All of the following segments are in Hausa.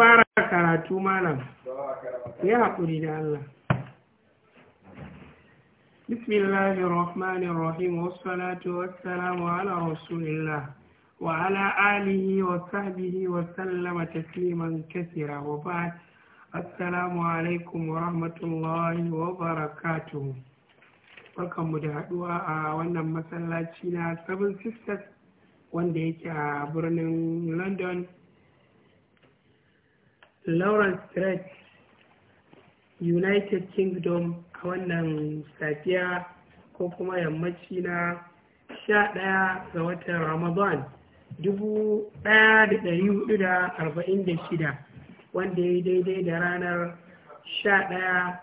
fara karatu malam ya haƙuri da Allah. Bismillahi Rahmani Rahim, wasu salatu wasu salamu ala wasu illa, wa ala alihi wa sahbihi wa sallama tasliman kasira wa ba Assalamu alaikum wa rahmatullahi wa barakatuh. Barkanmu da haɗuwa a wannan masallaci na Seven Sisters wanda yake a birnin London. lawrence threat united kingdom a wannan safiya ko kuma yammaci na 11 ga watan ramadan 1446 wanda ya yi daidai da ranar 11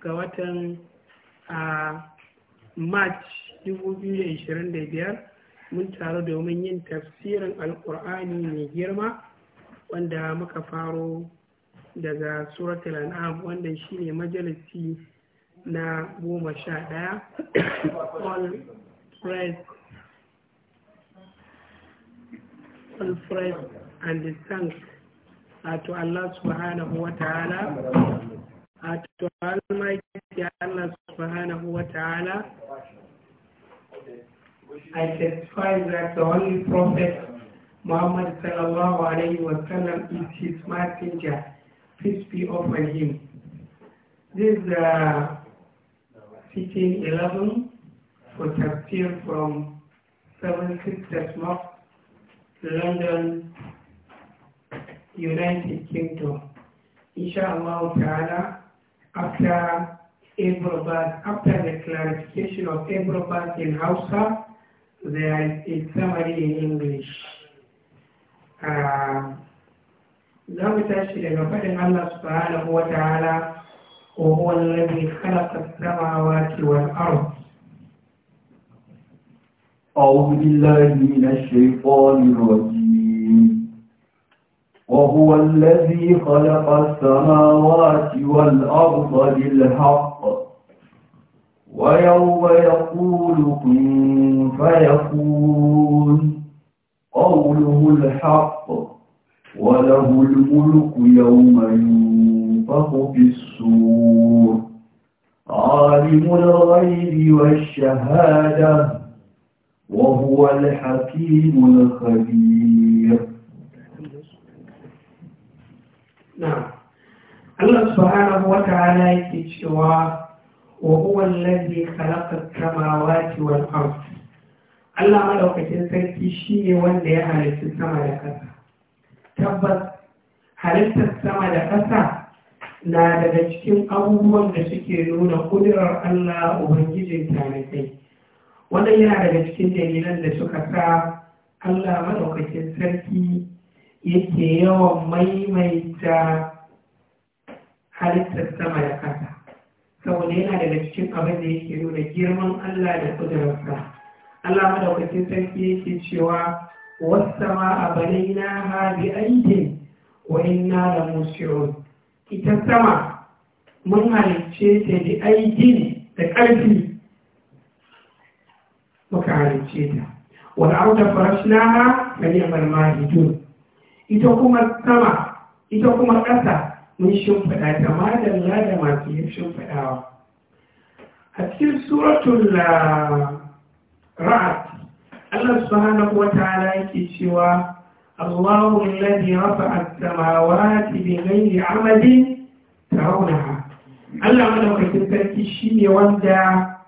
ga watan march 2025 mun taru domin yin tafsirin alkur'ani mai girma wanda muka faro daga suratul an'am wanda shine majalisi na goma sha all praise, all praise, and the thanks to Allah subhanahu wa ta'ala to Almighty Allah subhanahu wa ta'ala I testify that the only Prophet Muhammad sallallahu alayhi wa sallam is his messenger peace be upon him. This is uh, 11 for Tafsir from 7 Christmas Mosque, London, United Kingdom. Inshallah ta'ala, after after the clarification of Abrobat in Hausa, there is a summary in English. Uh, زوجة الشريعة فإن الله سبحانه وتعالى وهو الذي خلق السماوات والأرض أعوذ بالله من الشيطان الرجيم وهو الذي خلق السماوات والأرض بالحق ويوم يقول كن فيكون قوله الحق وله الملك يوم ينفخ في السور عالم الغيب والشهادة وهو الحكيم الخبير نعم الله سبحانه وتعالى يتشوى وهو الذي خلق السماوات والأرض الله ملوكة تركي شيء وانده على السماء والأرض tabbas halittar sama da ƙasa na daga cikin abubuwan da suke nuna ƙudurar Allah Ubangijin tarihi Wannan yana daga cikin dalilan da suka sa Allah maɗaukakin sarki yake yawan maimaita halittar sama da ƙasa. Saboda yana daga cikin abin da yake nuna girman Allah da ƙudurarsa Allah maɗaukakin sarki yake cewa a والسماء بنيناها بأيد وإنا لموسعون ita sama mun halicce ta da aikin da ƙarfi muka halicce ta wani abu da farashinaha ga ni'amar mahidun ita kuma ƙasa mun shimfiɗa ta madalla da masu yin shimfiɗawa a cikin suratul ra'ad Allah subhanahu wa ta'ala yake cewa Allahu alladhi rafa'a as-samawati bighayri 'amadin tarawnaha Allah madaukakin sarki shine wanda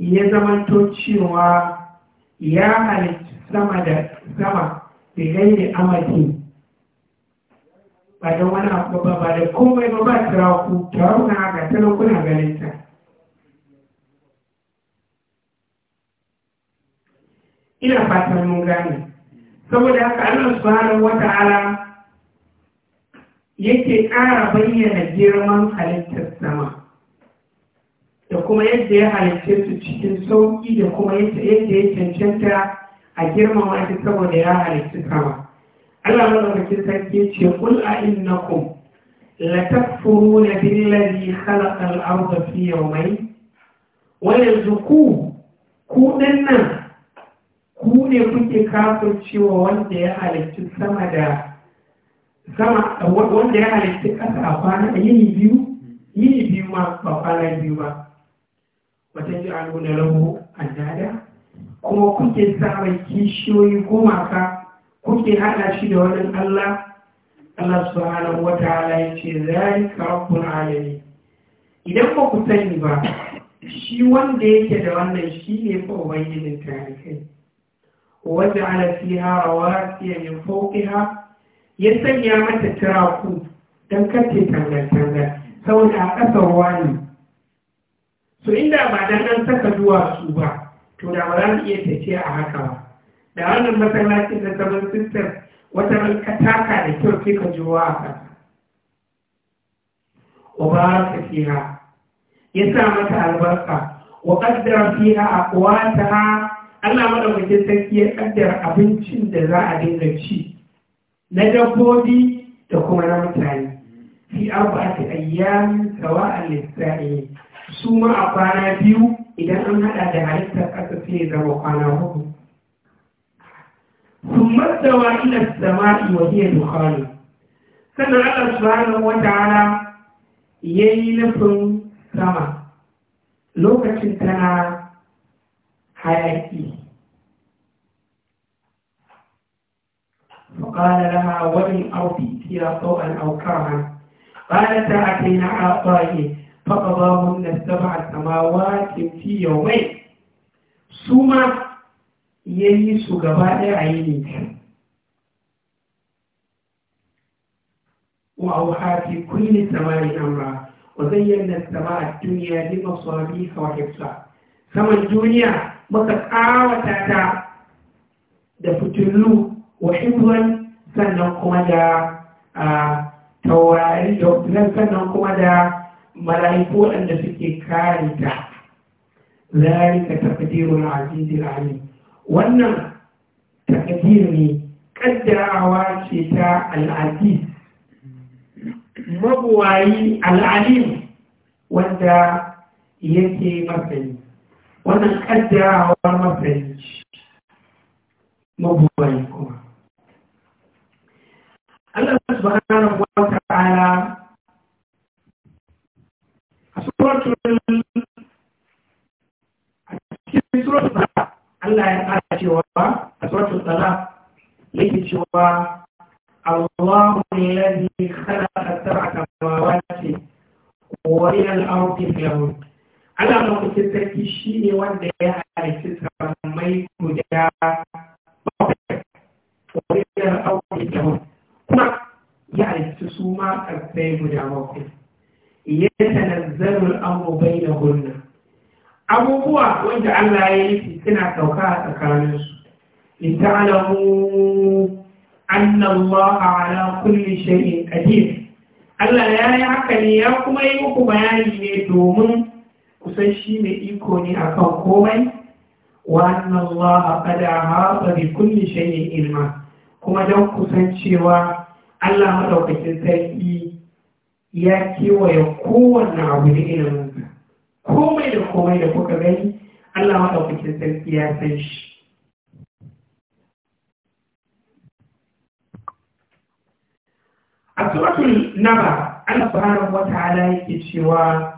ya zamanto cewa ya halitta sama da sama bighayri 'amadin ba da wani abu ba ba da komai ba ba tarawu tarawna ga talon kuna ganin ta ina fatan mun gane saboda haka Allah subhanahu wata'ala yake ƙara bayyana girman halittar sama da kuma yadda ya halitta su cikin sauƙi da kuma yadda ya cancanta a girmama shi saboda ya halitta sama Allah madaukakin sarki ce kul a innakum la takfuruna billazi khalaqa al-ardha fi yawmayn wa yanzu ku ku dinnan ku ne kuke cewa wanda ya halarci sama da sama wanda ya halarci ƙasa a kwana a yini biyu yini biyu ma ba kwana biyu ba wata ji an nuna rabu annada kuma kuke samun kishiyoyi gumaka kuke haɗa shi da wani allah allah hana wata ta'ala ya ce zalika rabbul alamin idan ba ku sani ba shi wanda yake da wannan shi ne fa ubangijin tarihi وجعل فيها رواسي من فوقها يسن يا متى تراكو dan kace tangal tangal saboda a ƙasa ruwa ne Su inda ba dan an saka duwatsu ba to da ba za su iya tafiya a haka ba da wannan masallacin da saman sistar wata ran ka taka da kyau sai ka jiwa a ƙasa وبارك فيها يسامة البركة وقدر فيها أقواتها Allah maɗa sarki ya kaddara abincin da za a dinga ci na dabbobi da kuma na mutane fi arba'ati ayyamin sawa'an lissa'i su ma a kwana biyu idan an haɗa da halittar ƙasa sai ya zama kwana hudu sun matsawa ila sama'i wa hiya dukhanu sannan Allah subhanahu ya yayi nufin sama lokacin tana hayaƙi fukada da ha wani aufi siya tsohon aukawa ba da ta ake na aɓaye mun da saba a samawa ke fiye wai ya yi su gaba ɗaya a yi ne wa a wuha fi kulle samari amra wa zai yi na saba a duniya ne masu wa saman duniya muka ƙawata ta da fitilu wa hibban sannan kuma da taurari da sannan kuma da mala'iku waɗanda suke kare ta zalika taqdirul azizil alim wannan takadir ne kaddarawa ce ta al'aziz mabuwayi al'alim wanda yake masani wannan kaddarawa mafayanci mabuwayi kuma Allah subhanahu wa ta'ala a suratul a cikin suratul Allah ya ƙara cewa a suratul tsara yake cewa الله الذي خلق سبع سماوات ومن الأرض في يوم Allah mafi sarki shi ne wanda ya halitta sammai guda bakwai wani da aure da wani kuma ya halitta su ma ƙarfai guda bakwai ya tanazzaru bai da hunna abubuwa wanda Allah ya yi suna sauka a tsakaninsu lita'alamu anna Allah ala kulli shari'in qadir Allah ya yi haka ne ya kuma yi muku bayani ne domin kusan shi mai iko ne a kan komai wannan annallaha kada haɗa da kulle shayi ilma kuma don cewa Allah maɗaukakin sarki ya kewaye kowanne abu da ilminsa komai da komai da kuka gani Allah maɗaukakin sarki ya san shi a suratul naba Allah subhanahu wa ta'ala yake cewa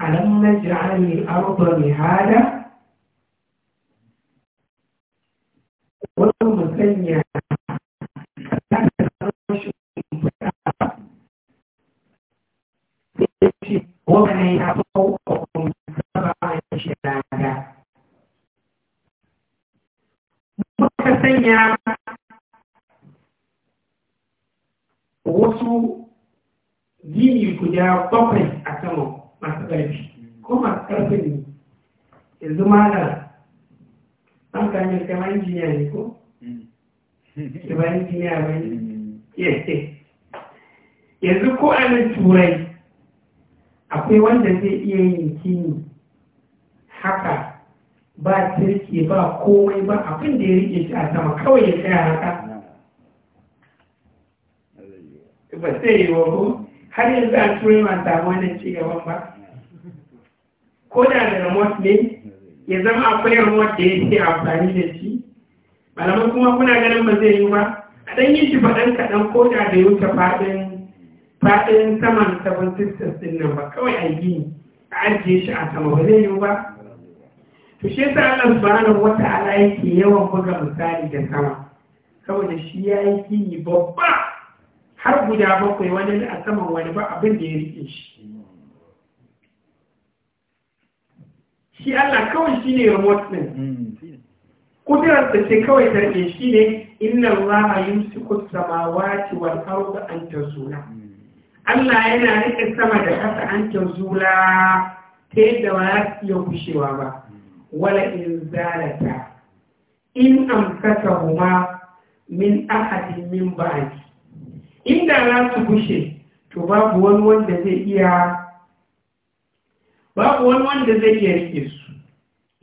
ألم نجعل الأرض مهادا ولو سنيا wasu gini guda bakwai a masu ƙarfi ko masu ƙarfi ne yanzu da an kame kama injiniya ne ko kama injiniya ba ne yanzu ko a nan turai akwai wanda zai iya yin kini haka ba turki ba komai ba abin da ya rike shi a sama kawai ya tsaya haka ba sai yi wa har yanzu a turai ma samu wannan cigaban ba ko da da remote ne ya zama akwai remote da ya yake amfani da shi Malamai kuma kuna ganin ba zai yi ba a ɗan yi shi faɗan kaɗan ko da da wuce faɗin faɗin saman sabon sisters ɗin ba kawai a yi a ajiye shi a sama ba zai yi ba to shi yasa Allah subhanahu ta'ala yake yawan buga misali da sama saboda shi ya yi babba har guda bakwai wani a saman wani ba abin da ya rike shi shi Allah kawai shi ne remote ɗin hmm, da ce kawai tarbe shi ne inna Allah ma samawati wal arda an zula. Hmm. Allah yana rike sama da ƙasa an zula ta yadda ba za su iya kushewa ba hmm. wala in zalata in huma min ahadin min ba'di inda za su gushe to babu wani wanda zai iya babu wani wanda zai iya rike su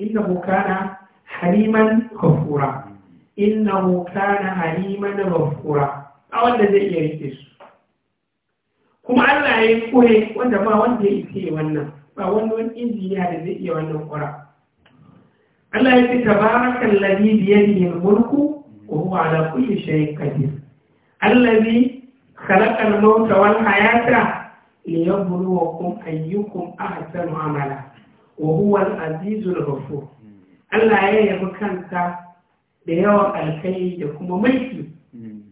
innahu kana haliman ghafura innahu kana haliman ghafura a wanda zai iya rike su kuma Allah ya yi kure wanda ba wanda ya ce wannan ba wani wani injiniya da zai iya wannan kura Allah ya ce tabarakal ladhi bi yadihi al-mulku wa huwa ala kulli shay'in qadir Allah khalaqa al-mauta wal hayata liyabluwakum ayyukum ahsanu amala wa huwa al-azizul Allah ya yabi kanta da yawan alkai da kuma mulki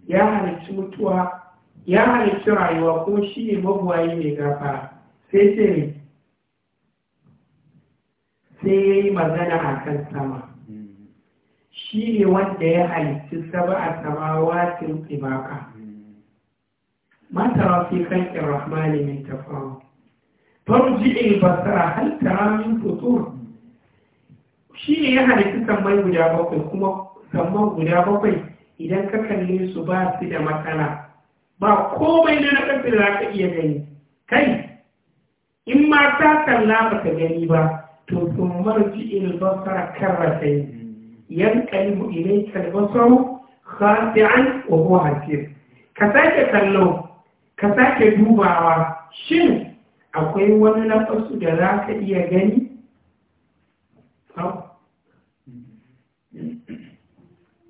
ya halicci mutuwa ya halicci rayuwa kuma shi ne mabuwayi mai gafara sai sai sai ya yi magana a kan sama shi ne wanda ya halicci saba a samawa tilkibaka ما ترى في خلق الرحمن من تفاوت فارجع البصر hal ترى من فطور shi ya halittu sammai guda bakwai kuma samman guda bakwai idan ka kalle su ba su da matsala ba komai na nakasar za ka iya gani kai in ma ta kalla ba gani ba to sun marji ilbasara karratai yan kalmu ilai kalbasaru khasi'an wa huwa hasir ka sake kallo ka sake dubawa shin akwai wani lafasu da za ka iya gani?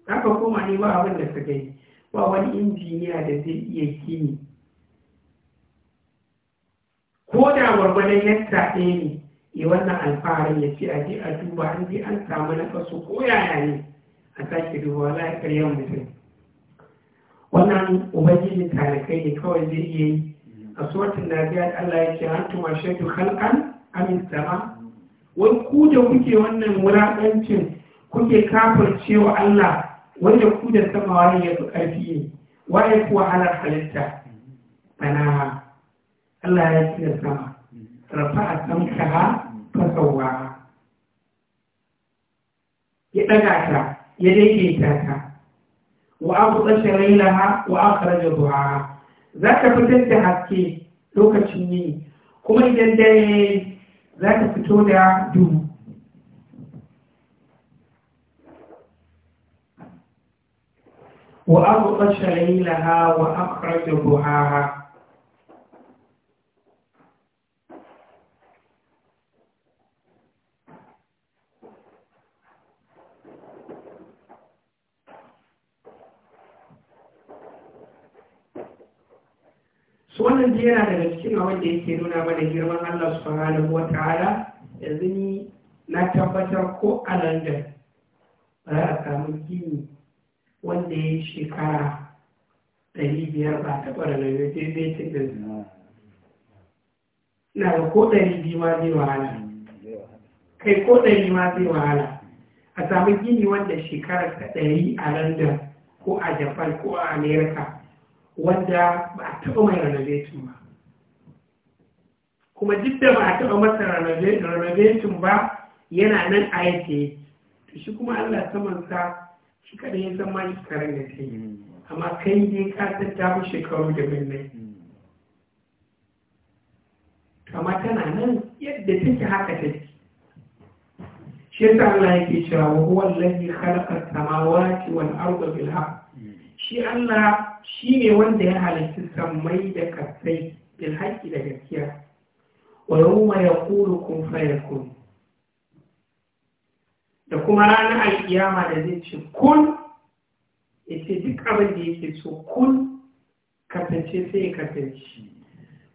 Za ka koma ne ba abin da ka gani, ba wani injiniya da zai iya gini. Ko da gwargwadon yadda ɗaya ne, yi wannan alfaharin ya ce a a duba an je an samu lafasu ko yaya ne a sake duba la ya mutum. wannan ubangiji kai ne kawai zai iya yi a suwatin nafiya Allah ya ce an tuma shaidu halkan amin sama wai ku da kuke wannan wulaƙancin kuke kafar cewa Allah wanda ku da sama wani ya fi ƙarfi ne waye kuwa halar halitta bana Allah ya ce da sama rafa a samka fasawa ya ɗaga ta ya daidaita ta wa’afuɗa shirilaha wa’afuɗa da duha za ka fitar da haske lokacin yi kuma idan dare za fito da duhu wa’afuɗa shirilaha wa’afuɗa da duha wannan dai yana daga cikin abin da yake nuna mana girman Allah subhanahu wataala yanzu ni na tabbatar ko a London ba za a samu gini wanda ya yi shekara ɗari biyar ba taɓa da na daidai cikin na ga ko ɗari biyu ma zai wahala kai ko ɗari ma zai wahala a samu gini wanda shekara ta ɗari a London ko a Japan ko a Amerika wanda ba a taɓa mai renovation ba kuma duk da ba a taɓa masa renovation ba yana nan a yake to shi kuma allah samansa shi kada ya zama shi da ta yi amma kai ne ka san ta fi shekaru da birnin kama tana nan yadda take haka take shi yasa allah yake cewa wa huwa allazi khalaqa as-samawati wal arda bil haqq shi allah shi ne wanda ya halittu samai da kasai bil haƙƙi da gaskiya wa ya kuru kun fayakun da kuma ranar alƙiyama da zai ce kun ce duk abin da yake so kun kasance sai ya kasance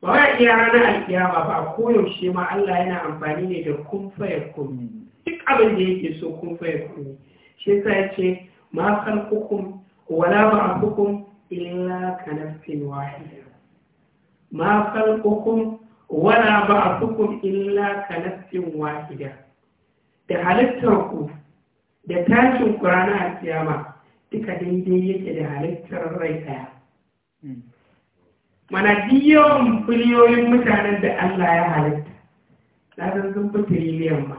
ba wa iya ranar alƙiyama ba ko yaushe ma Allah yana amfani ne da kun fayakun duk abin da yake so kun fayakun shi yasa ce ma hukum wala ba a hukum? إلا كنفس واحدة ما خلقكم ولا بعثكم إلا كنفس واحدة da halittarku da tashin ƙurana a kiyama duka daidai yake da halittar rai ɗaya. Mana yawan biliyoyin mutanen da Allah ya halitta, na san sun fi tiriliyan ma,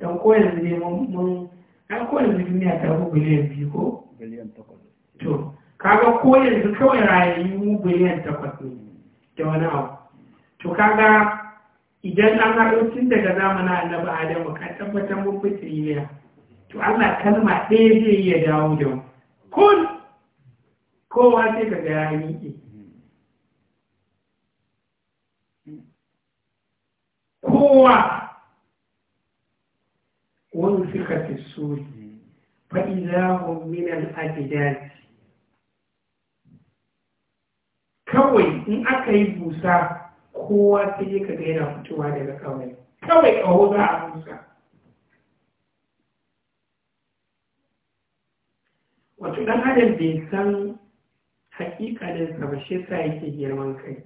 don kowane zai mun, an kowane duniya ta fi biliyan biyu ko? Biliyan takwas. kaga ko yanzu kawai rayu biliyan takwas ne da wani abu to kaga idan an haɗo tun daga zamanin annabi adamu ka tabbatar mun fi tiriliya to allah kalma ɗaya zai iya dawo da mu kun kowa sai ka ga ya miƙe kowa wani suka fi suri fa'iza min al-ajdad kawai in aka yi busa kowa sai ya ka gaira fitowa daga kawai kawai ƙaho za a busa wato ɗan adam bai san hakikalin sa ba shi sa yake girman kai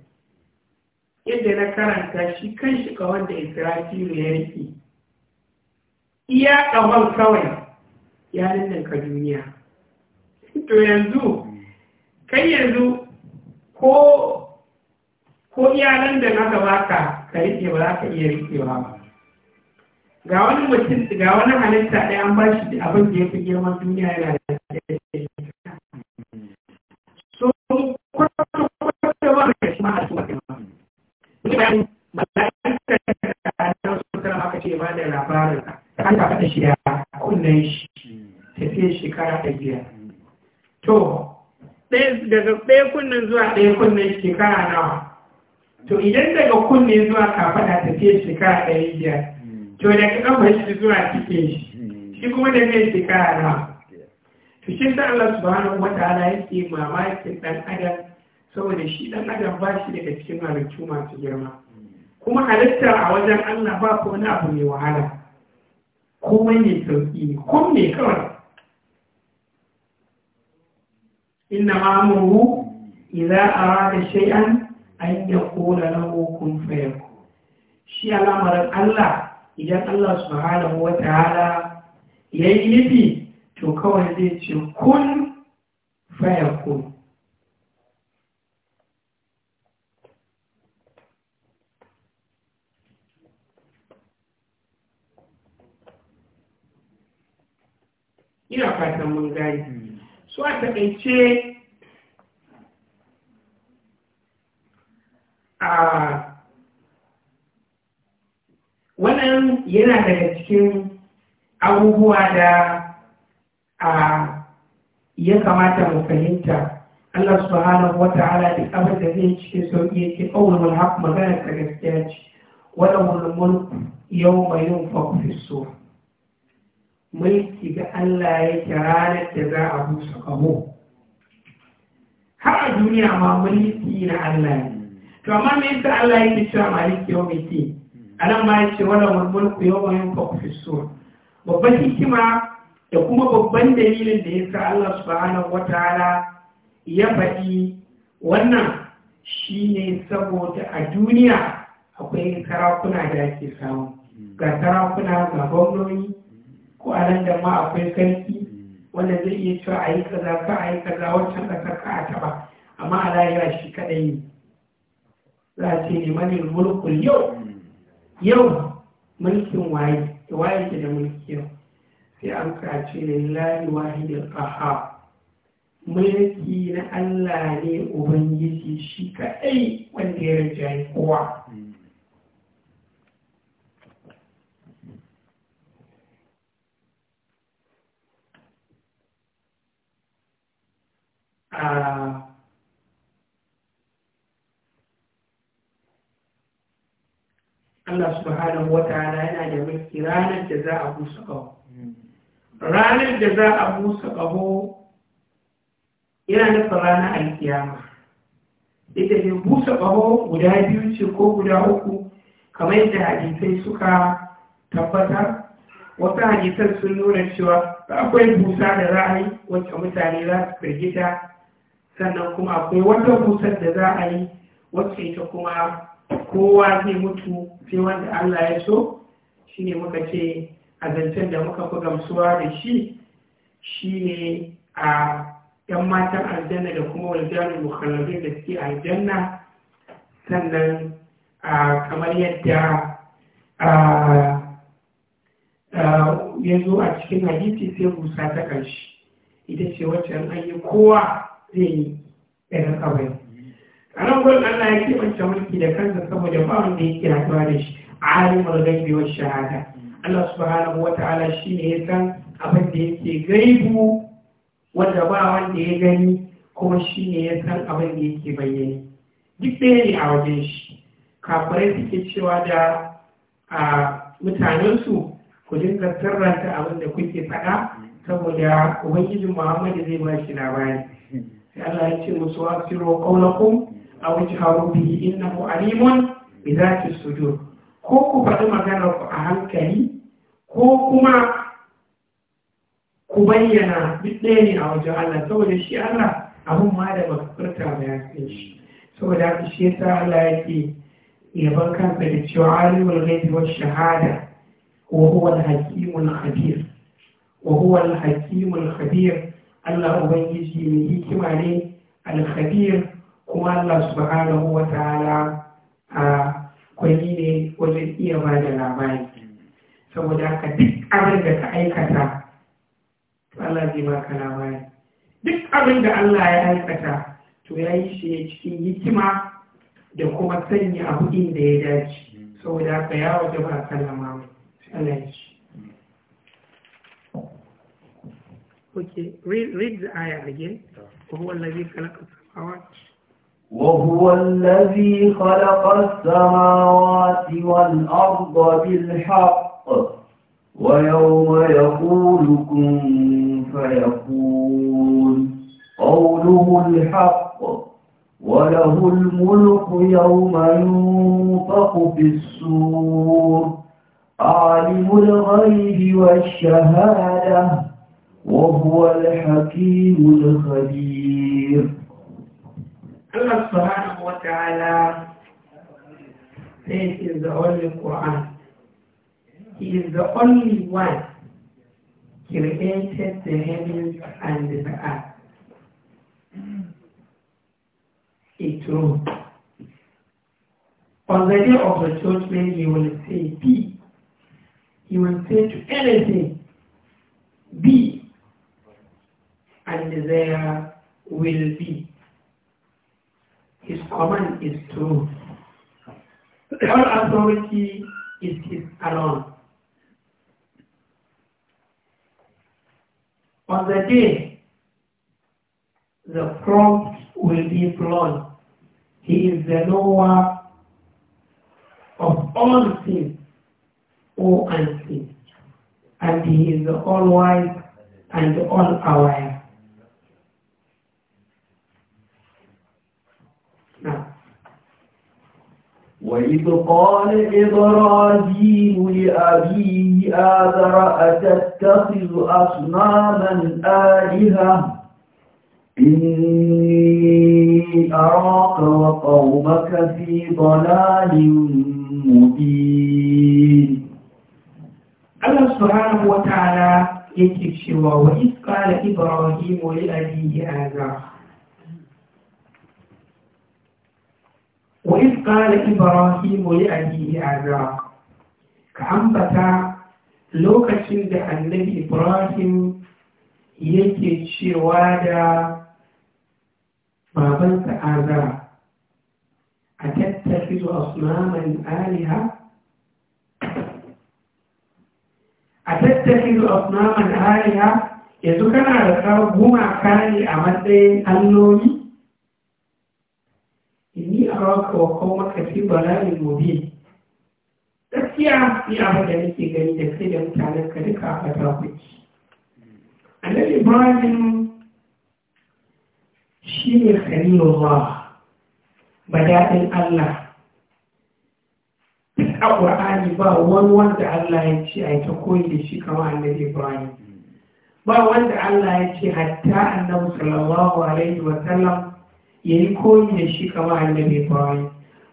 yadda na karanta shi kan shi kawar da isra'ilu ya rike iya kawai kawai ya ka duniya to yanzu kai yanzu ko ko iyalan da na gabata ka rike ba za ka iya rikewa ba ga wani mutum ga wani halitta ɗaya an ba shi abin da ya fi girman duniya yana kunnen zuwa ɗaya kunnen shekara nawa to idan daga kunne zuwa kafaɗa tafiya shekara ɗari biyar hmm. to daga ƙafar shi zuwa cikin shi hmm. shi kuma da kai shekara nawa to shi da Allah subhanahu wa ta'ala yake mamakin ɗan adam saboda shi ɗan adam ba shi daga cikin halittu masu girma hmm. kuma halitta a wajen Allah ba ko wani abu mai wahala komai ne sauƙi ne kun ne kawai inna ma'amuru iza arada shay'an an yaqula lahu kun fayakun shi al'amarin Allah idan Allah subhanahu wa yayi nufi to kawai zai ce kun fayakun ina fatan mun gani Su a taƙaice wannan yana daga cikin abubuwa da a ya kamata mu fahimta Allah subhanahu wa ta'ala duk abin da zai cikin sauƙi yake ƙaunar haq magana ta gaskiya ce wala mulmul yau mai yin fafiso mulki ga Allah yake ranar da za a busa kamo har a duniya ma mulki na Allah ne to amma me Allah yake cewa maliki yawmin a anan ma yace wala wal mulku yawma yunfaqu fi sur babban hikima da kuma babban dalilin da ya yasa Allah subhanahu wataala ya faɗi wannan shine saboda a duniya akwai sarakuna da ake samu ga sarakuna ga gwamnoni ko a nan da ma akwai sarki wanda zai iya cewa a yi kaza ka a yi kaza wancan ƙasar ka a taɓa amma a lahira shi kaɗai ne lati a ce mulkul yau yau mulkin waye da waye ke da mulki yau sai an kace lillahi wahidil qahhar mulki na Allah ne ubangiji shi kadai wanda ya rajai kowa a ah, Allah subhanahu wa ta'ala yana da mulki ranar da za a busa ƙaho hmm. ranar da za a busa ƙaho yana nufin ranar alkiyama ita ne busa ƙaho guda biyu ce ko guda uku kamar yadda hadisai suka tabbata wasu hadisan sun nuna cewa akwai busa da za a yi wacce mutane za su firgita sannan kuma akwai wata busar da za a yi wacce ita kuma kowa zai mutu sai wanda Allah ya so shi ne muka ce a zancen da muka fi gamsuwa da shi shi ne a ‘yan matan aljanna da kuma waljanin mukhalabin da suke aljanna sannan kamar yadda ya zo a cikin hadisi sai busa ta ƙarshe ita ce wacce an yi kowa zai yi ɗan kawai anan gurin Allah ya kimanta mulki da kansa saboda ba wanda yake rayuwa da shi alimul ghaibi wash shahada Allah subhanahu wataala shine ya san abin da yake gaibu wanda ba wanda ya gani kuma shine ya san abin da yake bayyane duk ɗaya ne a wajen shi kafirai suke cewa da a mutanensu ku dinga sirranta abin da kuke faɗa saboda ubangijin muhammadu zai ba shi labari sai Allah ya ce musu wa siro أو اجهروا به إنه عليم بذات السجود كوكو فدوما جنرك أهم كلي كوكو ما كبينا بالدين أو جعلنا سوى شيء الله أبو ما هذا مكفرت على يسيش سوى ذلك الشيء تعالى يتي يبقى كان بالتشوى عالم والشهادة وهو الحكيم الخبير وهو الحكيم الخبير الله أبنجي من هكما الخبير kuma Allah subhanahu wa ta'ala a kwani ne wajen iya ba da labari saboda haka duk abin da ka aikata to Allah zai baka labari duk abin da Allah ya aikata to ya yi shi ne cikin hikima da kuma sanya abu inda ya dace saboda haka ya waje ba kalama Allah ya ci Okay, read, read the ayah again. وهو الذي خلق السماوات وهو الذي خلق السماوات والأرض بالحق ويوم يقول كن قوله الحق وله الملك يوم ينطق في السور عالم الغيب والشهادة وهو الحكيم الخبير Allah subhanahu wa ta'ala says in the Holy Quran, He is the only one created the heavens and the earth. It's true. On the day of the judgment, He will say, Be. He will say to anything, Be. And there will be. His command is true. All authority is His alone. On the day the prompt will be blown, He is the knower of all things, all unseen. And He is all-wise and all-aware. وإذ قال إبراهيم لأبيه آذر أتتخذ أصناما آلهة إني أراك وقومك في ضلال مبين الله سبحانه وتعالى يكشف وإذ قال إبراهيم لأبيه آذر وإذ قال إبراهيم لأبيه Ka كأنبتا lokacin da annabi ibrahim yake cewa da babansa azara a tattafi zuwa sunaman aliha a tattafi zuwa sunaman aliha yanzu kana da gumaka ne a matsayin alloli kawaka wa kawo fi bala'in mubi gaskiya ni abu da nake gani da kai da mutanen ka duka a takuci annabi ibrahim shi ne ba daɗin allah duk a ƙur'ani ba wani wanda allah ya ce a yi ta koyi da shi kama annabi ibrahim ba wanda allah ya ce hatta annabi sallallahu alaihi wa sallam ya yi koyi da shi kama annabi ibrahim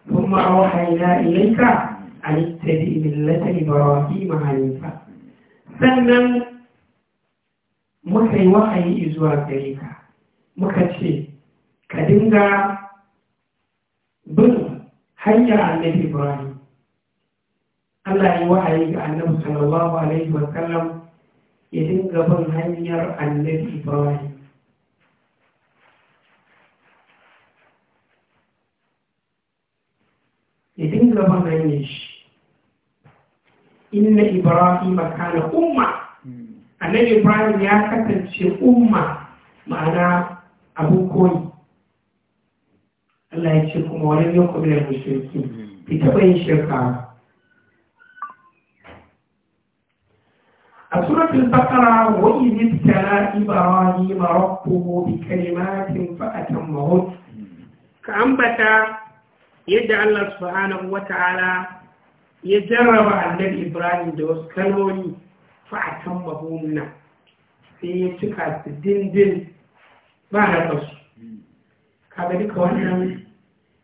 kuma a wahaina ilaika an ittabi millata ibrahim hanifa sannan muka yi wahayi zuwa gare ka muka ce ka dinga bin hanyar annabi ibrahim allah yi wahayi ga annabi sallallahu alaihi wasallam ya dinga bin hanyar annabi ibrahim nuna matsayin shi inna ibrahim kana umma annabi ibrahim ya kasance umma ma'ana abun koyi Allah ya ce kuma wani yau kuma da mushriki bai taɓa yin shirka a suratul baqara wa idh tala ibrahim rabbuhu bi kalimatin fa atammahu ka ambata yadda Allah subhanahu wata'ala ya jarraba annabi Ibrahim da wasu kalmomi kan mahunna sai ya cika su dindin ba na kasu kaga duka wannan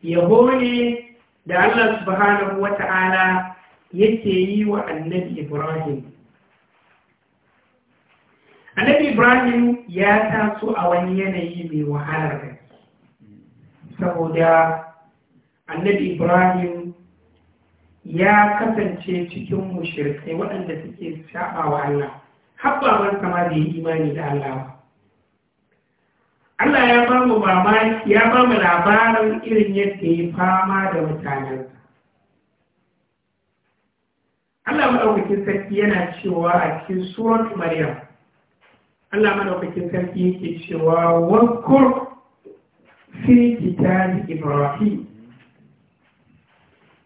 yabo ne da Allah subhanahu wata'ala yake yi wa annabi Ibrahim annabi Ibrahim ya taso a wani yanayi mai wahalar gaske saboda annabi ibrahim ya kasance cikin mushirkai waɗanda suke saba wa Allah habbaban sama da yi imani da Allah Allah ya ba mu mamaki ya ba mu labarin irin yadda ya fama da mutanensa Allah madaukakin sarki yana cewa a cikin surat Maryam Allah madaukakin sarki yake cewa wakur fi kitab Ibrahim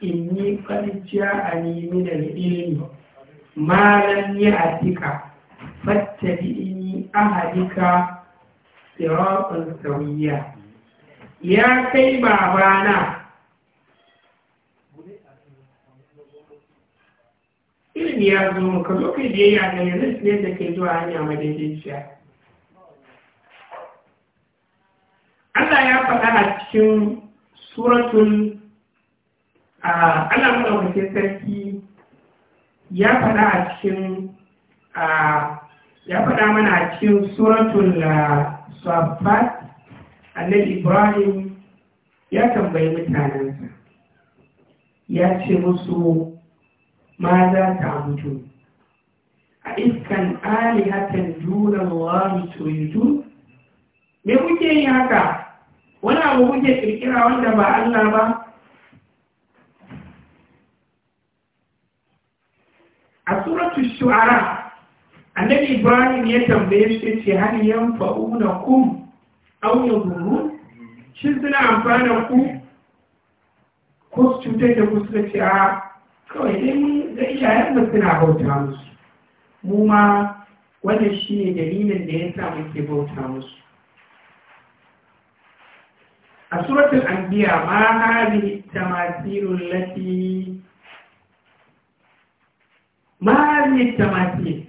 inni farjiya a nemi da ilimi malam ya atika a ahadika siratan sawiya ya kai babana ilimi ya zo maka zo kai da yayi a yanzu ne da kai zuwa hanya madaidaiciya Allah ya faɗa a cikin suratun Allah madaukakin sarki ya faɗa a cikin ya faɗa mana a cikin suratul Saffat annabi Ibrahim ya tambayi mutanensa ya ce musu ma za ta mutu a iskan alihatan dunan wani tuyitu me kuke yi haka wani abu kuke kirkira wanda ba Allah ba a suratu shu'ara annabi ibrahim ya tambaye shi ce yan yanfa'una kum aw yadurrun shi suna amfana ku ko su cutar da ku suka ce a kawai dai mun ga iyayen ba suna bauta musu mu ma wannan shi ne dalilin da ya sa muke bauta musu a suratul anbiya ma hadhihi tamathilul lati mariyar tamaki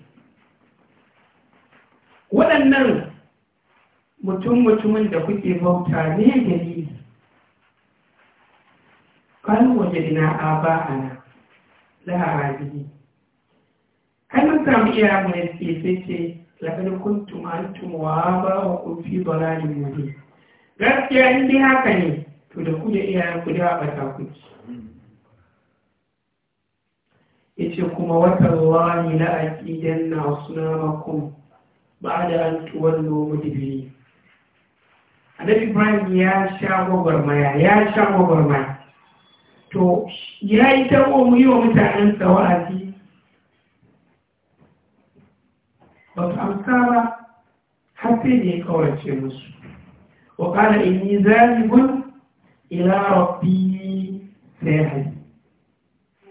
waɗannan mutum-mutumin da kuke bauta ne gari kan waje na aba ana laharabi ai mun samu iya mai ne ke sai ce labar kuntum an wa ba wa kufi ba dalalin mubin gaskiya inda haka ne to da ku da iyayen ku ba ta kuci yace kuma watallahi na makon ba da an tuwallu mudbiri da Ibrahim ya sha gwagwarmaya ya sha gwagwarmaya to ya yi ta mu yi wa mutanen sa wa'azi ba su amsa ba har sai da ya kawarce musu wa inni zalibun ila rabbi hajji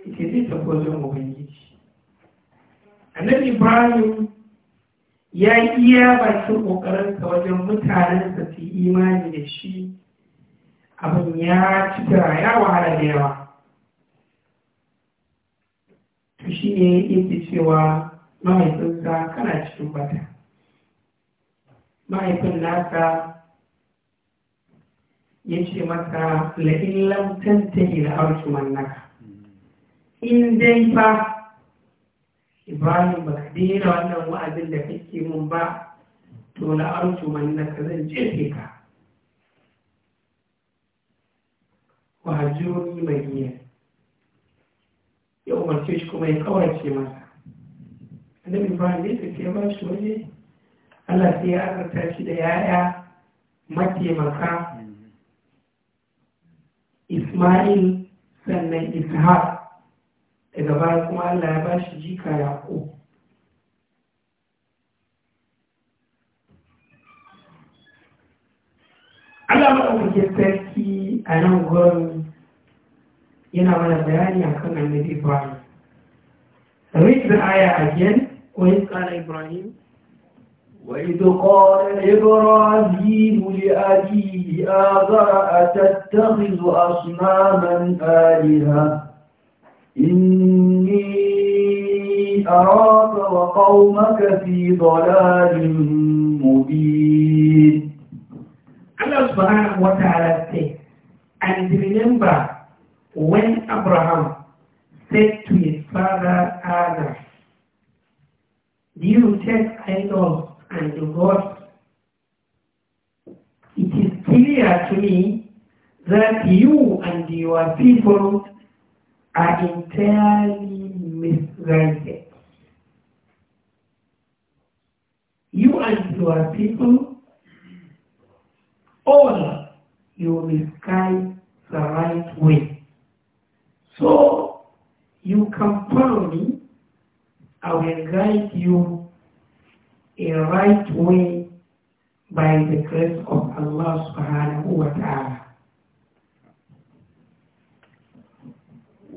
ita zai tafi wajen ubangiji annabi ibrahim ya yi iya bakin ƙoƙarinsa wajen mutanensa su yi imani da shi abin ya ci ya wahala da yawa to shi ne yake cewa mahaifinsa kana cikin bata mahaifin nasa ya ce masa la'in lamtanta ila arki mannaka in dai fa Ibrahim ba ka daina wannan wa'azin da kake mun ba to la arju mannaka zan jefe ka wa hajjuni madiya ya umarce shi kuma ya kawace masa annabi Ibrahim ne tafi ya ba shi waje Allah sai ya azarta shi da yaya mataimaka Ismail sannan Ishaq daga baya kuma Allah ya bashi jika yaƙo Allah maɗaukake sarki a nan gurin yana mana bayani a kan annabi Ibrahim. Read the ayah again, وإذ قال إبراهيم وإذ قال إبراهيم لأبيه آذر أتتخذ أصناما آلهة إني أراك وقومك في ضلال مبين Allah subhanahu wa ta'ala said, And remember when Abraham said to his father Adam, Do you take idols and gods? It is clear to me that you and your people are entirely misguided. You and your people, all you misguide the right way. So you can follow me, I will guide you a right way by the grace of Allah subhanahu wa ta'ala.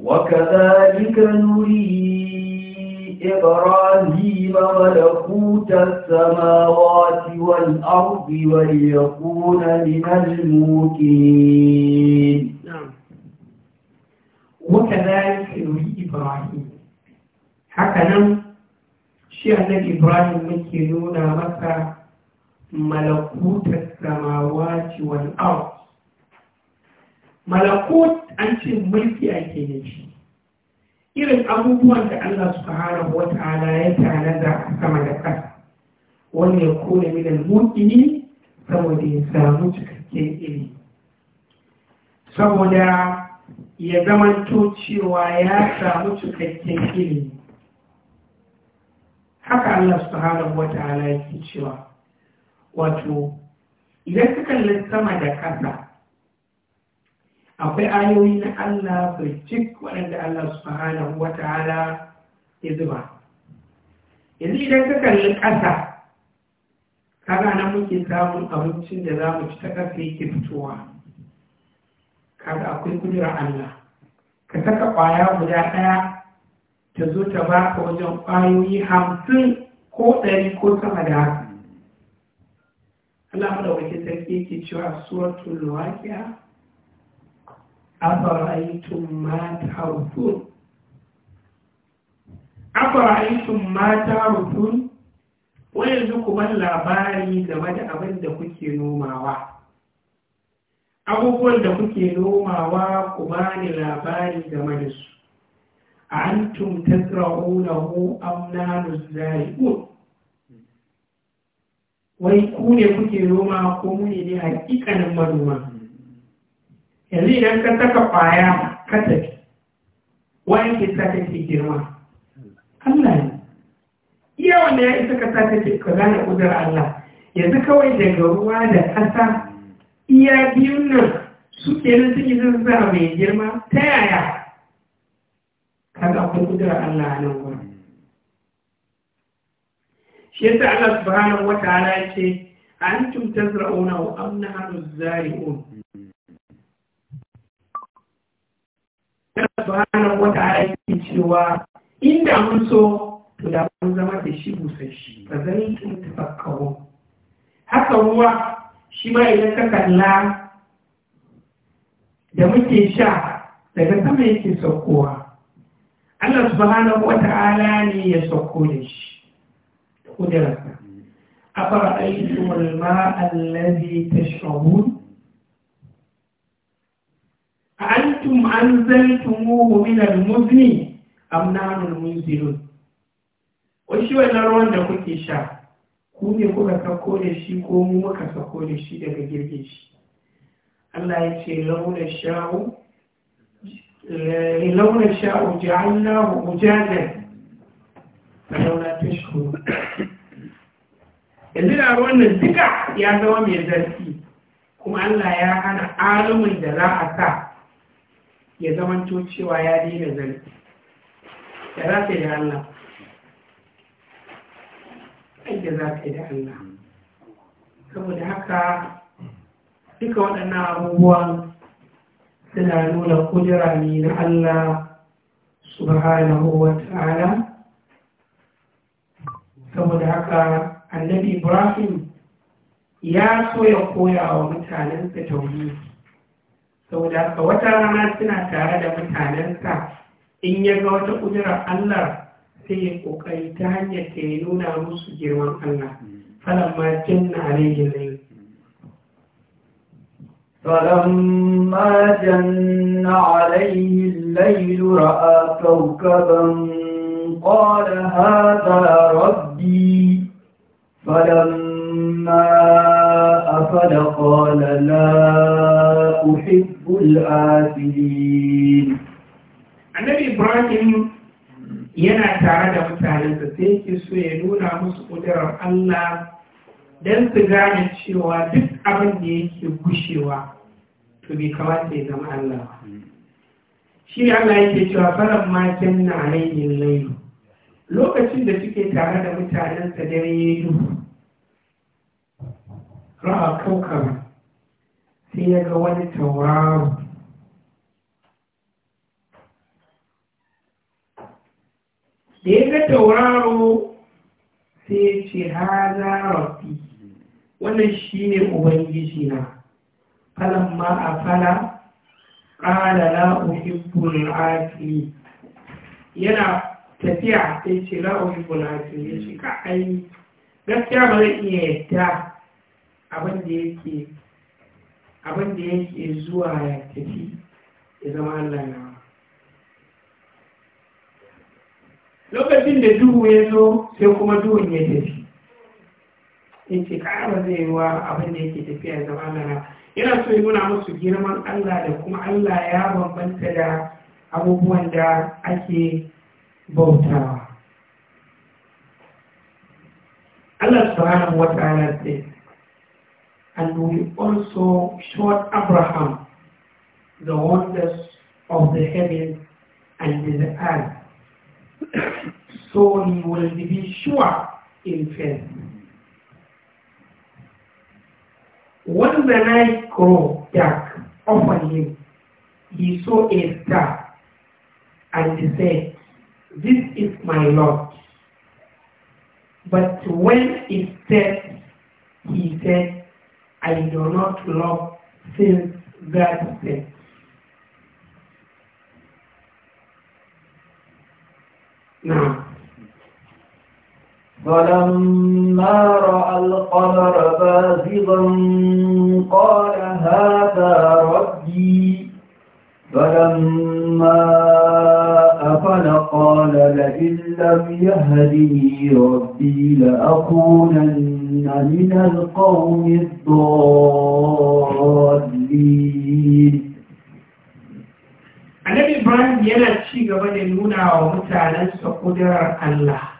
وكذلك نري إبراهيم ملكوت السماوات والأرض وليكون من الموكين نعم وكذلك نري إبراهيم هكذا شيء إبراهيم مكينونا مكة ملكوت السماوات والأرض ملكوت an ce mulki ake da shi irin abubuwan da Allah subhanahu wa ta'ala ya tanada a sama da ƙasa wani ya kone min al-mu'mini saboda ya samu cikakken ilimi saboda ya zamanto cewa ya samu cikakken ilimi haka Allah subhanahu wa ta'ala yake cewa wato idan ka kalli sama da ƙasa akwai ayoyi na Allah cik waɗanda Allah subhanahu wata ta'ala ya zuba yanzu idan ka kalli ƙasa kaga nan muke samun abincin da za mu ci ta ƙasa yake fitowa kaga akwai kudura Allah ka saka ƙwaya guda ɗaya ta zo ta baka wajen ƙwayoyi hamsin ko ɗari ko sama da haka Allah madawacin sarki ke cewa suratul waqi'a afara'aytum mata ta'rufun afara'aytum yanzu ku labari game da abin da kuke nomawa abubuwan da kuke nomawa ku bani labari game da su antum tazra'unahu am nahnu zari'un wai ku ne kuke noma ko mu ne hakikanin manoma yanzu idan ka saka kwaya ka tafi wani ke sa ke girma Allah ne iya wanda ya isa ka sa ke ka gane kudar Allah yanzu kawai daga ruwa da ƙasa iya biyun nan su kenan suke zan sa mai girma ta yaya Ka ga akwai kudar Allah nan gurin shi yasa Allah subhanahu wataala ce antum tazra'una wa am hannun zari'un Allah subhanahu wa aiki yake cewa inda mun so to da mun zama da shi busashi fa zai kin tafakkaru haka ruwa shi ma idan ka kalla da muke sha daga sama yake saukowa Allah subhanahu wa ta'ala ne ya sauko da shi da kudararsa afara aikin walma allazi tashrabun antum أأنتم أنزلتموه من المزن أم نحن المنزلون Washi wannan ruwan da kuke sha, ku ne kuka sako da shi ko mu muka sako da shi daga girbe shi. Allah ya ce launa sha'u, launa sha'u ja'allahu mujajan, launa Yanzu na ruwan nan duka ya zama mai zarfi, kuma Allah ya hana alamun da za a sa ya zamanto cewa ya daina zane da za ka yi da Allah da za ka yi da Allah saboda haka duka waɗannan abubuwan suna nuna kudura ne na Allah subhanahu wa ta'ala saboda haka annabi ibrahim ya so ya koya wa mutanensa tauhidi saboda haka wata rana suna tare da mutanensa in ya ga wata ƙudurar Allah sai ya ƙoƙari ta hanyar ta ya nuna musu girman Allah falan ma janna alaihi lail فلما جن عليه الليل رأى كوكبا قال هذا ربي فلما فلما أفل قال لا أحب الآفلين annabi ibrahim yana tare da mutanensa sai ke so ya nuna musu ƙudurar allah don su gane cewa duk abin da yake gushewa to bai kamata ya zama allah ba shi allah yake cewa falon makin na hanyar lailu lokacin da suke tare da mutanensa dare ya duhu ra'a kaukar sai ya ga wani tauraro da ya ga tauraro sai ya ce haza rafi wannan shi ne ubangiji na falon ma a fala ƙada la'uhibbul aki yana tafiya sai ce la'uhibbul aki ya ce ka'ai gaskiya ba zai iya yadda abin da yake zuwa ya tafi ya zama Allah na lokacin da duhu ya zo sai kuma duhun ya tafi in ce ka'aba zai wa abin da yake tafiya ya zama Allah na yana so yi nuna musu girman Allah da kuma Allah ya bambanta da abubuwan da ake bautawa Allah hana wata ranar sai And we also showed Abraham the wonders of the heaven and the earth. so he will be sure in faith. When the night grew dark over him, he saw a star, and he said, This is my Lord. But when it set, he said, I do not love since that day. نعم فلما رأى القمر بازغا قال هذا ربي فلما فلا قال لئن لم يهدني ربي لأكونن من القوم الضالين Annabi Ibrahim yana ci gaba da nuna wa mutanensa kudurar Allah,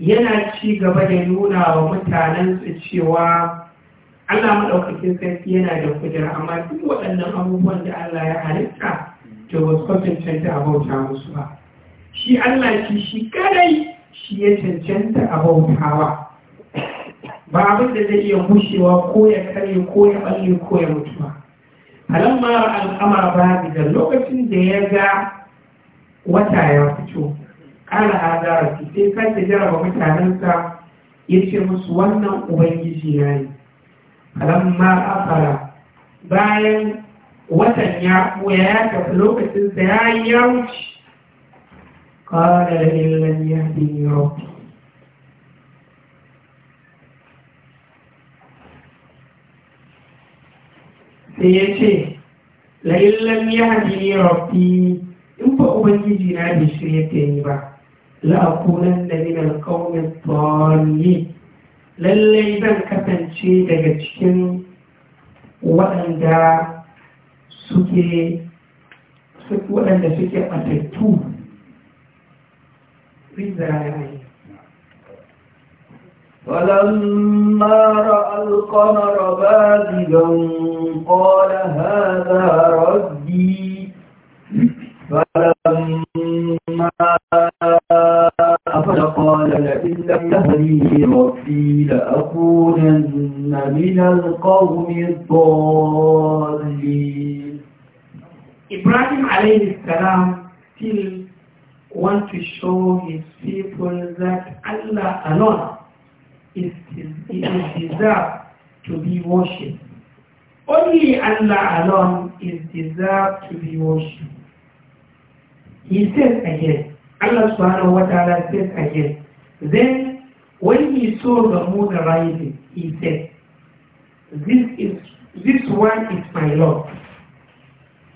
yana ci gaba da nuna wa mutanensa cewa Allah maɗaukakin sarki yana da kudura, amma duk waɗannan abubuwan da Allah ya halitta to ba cancanta a bauta musu ba shi Allah shi shi kadai shi ya cancanta a bautawa ba abin da zai iya mushewa ko ya karye ko ya balle ko ya mutu ba mara al'amar ba da lokacin da ya ga wata ya fito ƙara hazara sai sake jaraba mutanensa ya ce musu wannan ubangiji na ne halin mara bayan watan ya ɓoya ya tafi lokacin sa ya yi ya wuce ƙarar illan ya biyu rauki sai ya ce la'illan ya hajji rabbi in ba ubangiji na bai shirya ta yi ba la'akunan da min alƙaunin tsawonni lallai zan kasance daga cikin waɗanda suke waɗanda suke matattu فلما رأى القمر باذبا قال هذا ربي فلما أفل قال لئن لم يهدي ربي لأكونن من القوم الضالين Ibrahim alayhi salam still want to show his people that Allah alone is, is, deserved to be worshipped. Only Allah alone is deserved to be worshipped. He says again, Allah subhanahu wa ta'ala says again, then when he saw the moon rising, he said, this is this one is my Lord.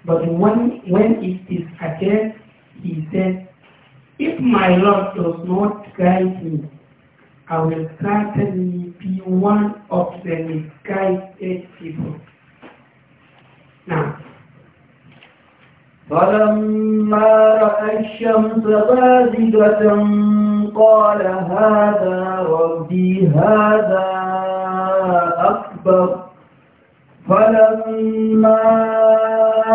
But when, when it is addressed, he said, if my Lord does not guide me, I will certainly be one of the misguided people. Now, فلما رأى الشمس بازغة قال هذا ربي هذا أكبر فلما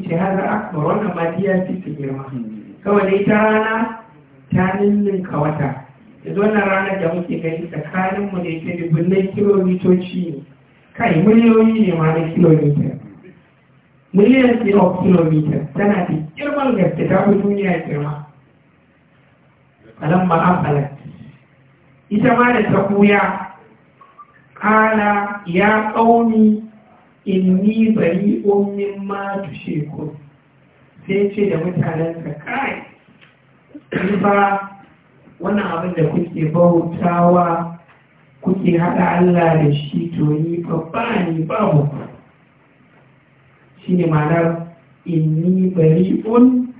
ce hazar akbar wannan ma ya fi su girma kawai dai ta rana ta ninninka wata da wannan ranar da muke gani tsakaninmu da ita dubbin kilomitoci ne kai miliyoyi ne ma na kilomita miliyan ke of kilomita tana da girman gaske ta fi duniya girma alam afalat ita ma da ta kuya kala ya ƙauni inni bari ummin ma tushe ku sai ce da mutanensa kai ba wannan abin da kuke bautawa kuke haɗa Allah da shi to ni ba ni mu. shi ne ma'anar inni bari un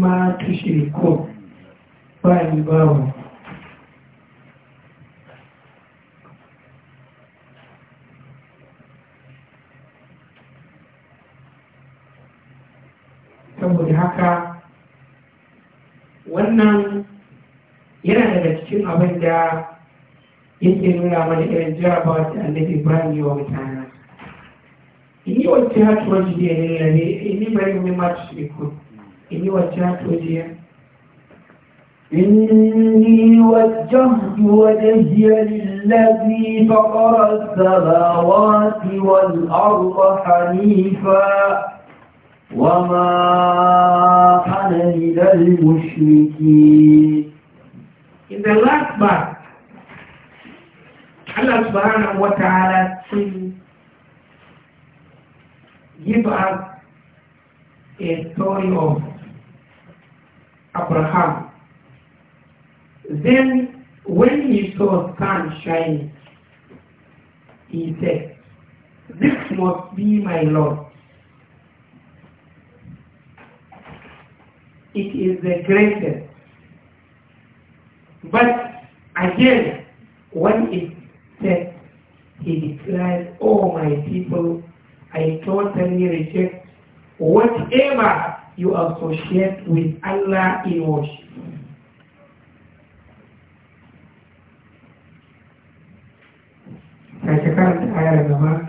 ma tushe ku ba ni ba babu saboda haka wannan yana daga cikin abin da yake nuna mana irin jarabawa da annabi ibrahim yi wa mutane إني وجهت وجهي للذي إني بريء مما تشركون إني وجهت وجهي إني وجهت وجهي للذي فقر السماوات والأرض حنيفاً وما the last المشركين In the last part Allah subhanahu wa ta'ala says, give us a story of Abraham. Then when he saw sun shining, he said, this must be my Lord. it is the greatest. But again, when it said, he declared, Oh my people, I totally reject whatever you associate with Allah in worship. Sai ta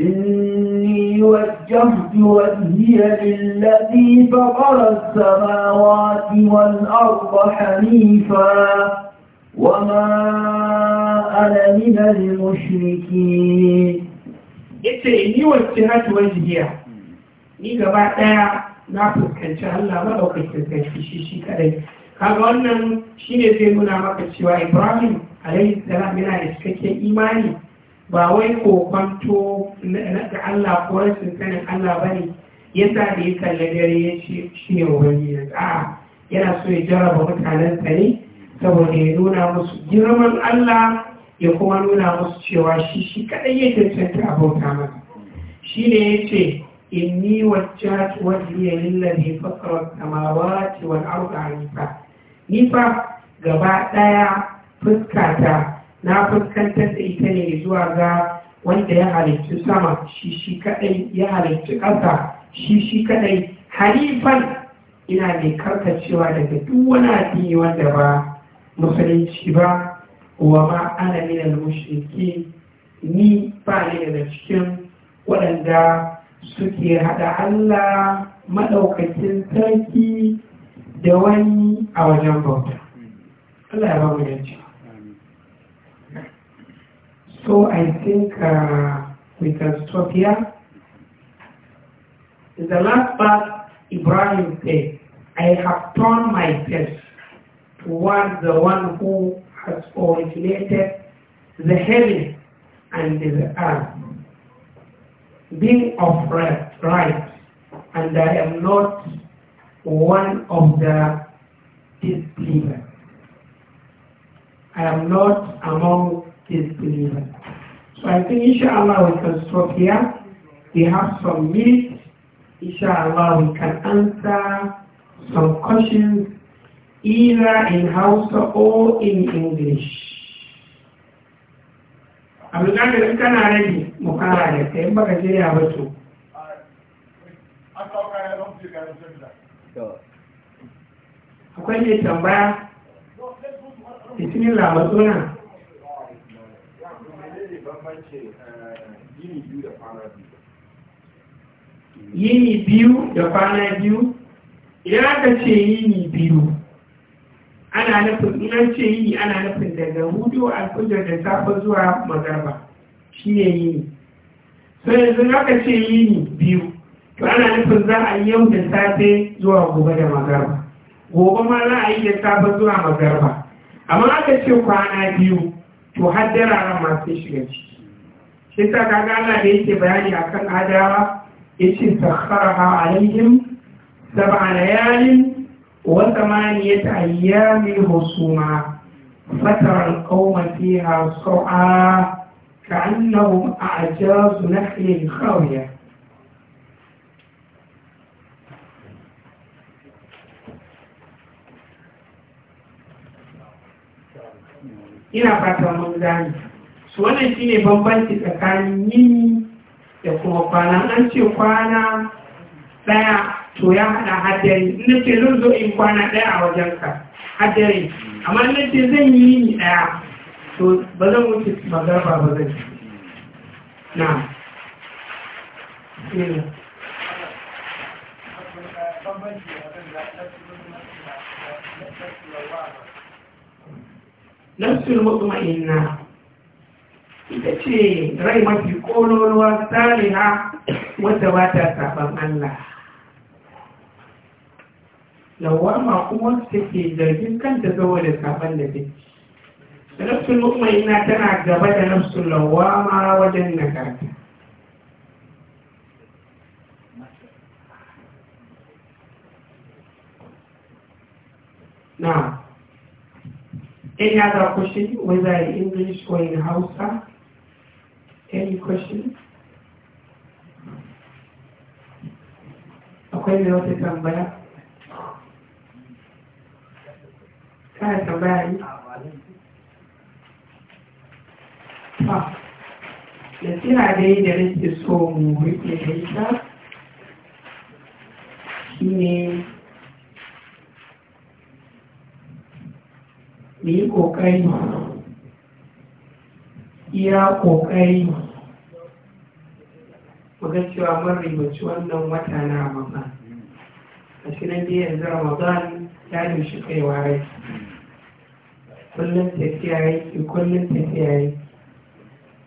إني وجهت وجهي للذي فطر السماوات والأرض حنيفا وما أنا من المشركين إني وجهت وجهي إذا بعد نعطيك أن شاء ما بقيت في شيء شيء كذلك kaga wannan shine sai muna maka cewa Ibrahim alayhi salam yana da cikakken ba wai kokonto na ga Allah ko rashin sanin Allah ba ne yasa da ya kalli dare ya ce shi ne wani ya a yana so ya jarraba mutanen ta ne saboda ya nuna musu girman Allah ya kuma nuna musu cewa shi shi kaɗai ya cancanta a bauta masa shi ne ya ce inni wajjat wajhiya lillazi samawa ce wani arda a ni fa gaba ɗaya fuskata na fuskantar da ita ne zuwa ga wanda ya halittu sama shi shi kadai ya halittu ƙasa shi shi kadai halifan ina mai karkacewa daga duk wani addini wanda ba musulunci ba wa ma ana min ni ba ne daga cikin waɗanda suke haɗa Allah maɗaukakin sarki da wani a wajen bauta Allah ya ba mu yanci So I think uh, we can stop here. In the last part, Ibrahim said, I have turned my face towards the one who has originated the heaven and the earth, being of right, and I am not one of the disbelievers. I am not among disbeliever. So I think inshallah we can stop here. We have some minutes. Inshallah we can answer some questions either in house or in English. Abin da in kana rage mu fara da kai in baka shirya ba to. Akwai ne tambaya? Bismillah matsuna. yini eh, biyu da kwana biyu yini biyu da kwana biyu idan aka ce yini biyu ana nufin ina ce yini ana nufin daga hudu alfujar da safe zuwa magarba shi ne yini so yanzu aka ce yini biyu to ana nufin za a yi yau da safe zuwa gobe da magarba gobe ma za a yi da safe zuwa magarba amma aka ce kwana biyu to har ran masu shiga ciki shi ta kaga ana da yake bayani akan adawa yace sakharaha alaihim sab'a layalin wa thamaniyata ayyamin husuma فترى القوم فيها صرعى كأنهم أعجاز نخل خاوية ina fatan mun gani wannan shine bambanci tsakanin yini da kuma kwana an ce kwana ɗaya to ya haɗa hadari ina ce zan zo in kwana ɗaya a wajenka hadari amma ina ce zan yi yini ɗaya to ba zan wuce magarba ba zan na nafsul mutma'inna ita ce rai mafi kololuwa saliha wadda ba ta saban Allah ma kuma ke zargin kanta da saban da take nafsul mu'mina tana gaba da lawa ma wajen nagarta Now, any other ku whether in English ko in Hausa, Any questions? Akwai da wata tambaya? Kana tambaya yi? Ta, da tira dai da nake so mu rike da ita shi ne mu yi ƙoƙari iya ƙoƙari muga cewa mun wannan wata na ramadan a cikin da yanzu ramadan ya nushi kaiwa rai kullum tafiya yake kullum tafiya yake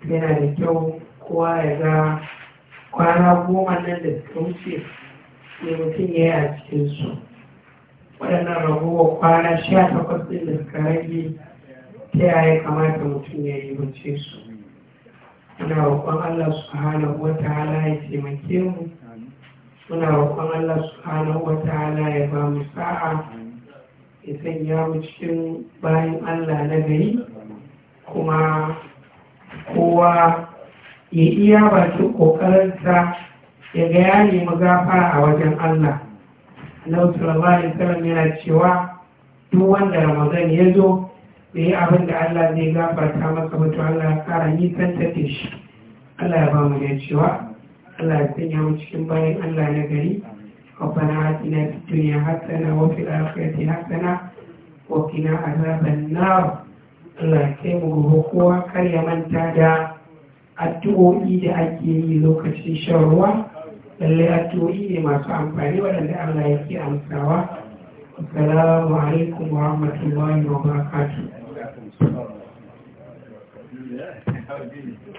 yana da kyau kowa ya ga kwana goma nan da suka wuce ne mutum ya yi a cikinsu waɗannan ragowar kwana sha takwas ɗin da suka rage ta yaya kamata mutum ya yi bace su muna roƙon Allah hana wata hala ya taimake mu muna roƙon Allah hana wata hala ya ba mu sa'a ya sanya mu cikin bayan Allah na gari kuma kowa ya iya bakin ƙoƙarinsa ya ga ya nemi gafa a wajen Allah Allah sallallahu alaihi wasallam yana cewa duk wanda Ramadan ya zo da yi abin da Allah zai gafarta maka mutu Allah ya kara nisan tafe shi Allah ya ba mu da cewa Allah ya sanya mu cikin bayan Allah na gari a ربنا آتنا في الدنيا حسنة وفي الآخرة حسنة وقنا عذاب النار Allah ya kai mu gobe kowa kar ya manta da addu'o'i da ake yi lokacin shan ruwa lallai addu'o'i ne masu amfani waɗanda Allah ya ke amsawa السلام alaikum wa الله وبركاته Allah'a emanet olun.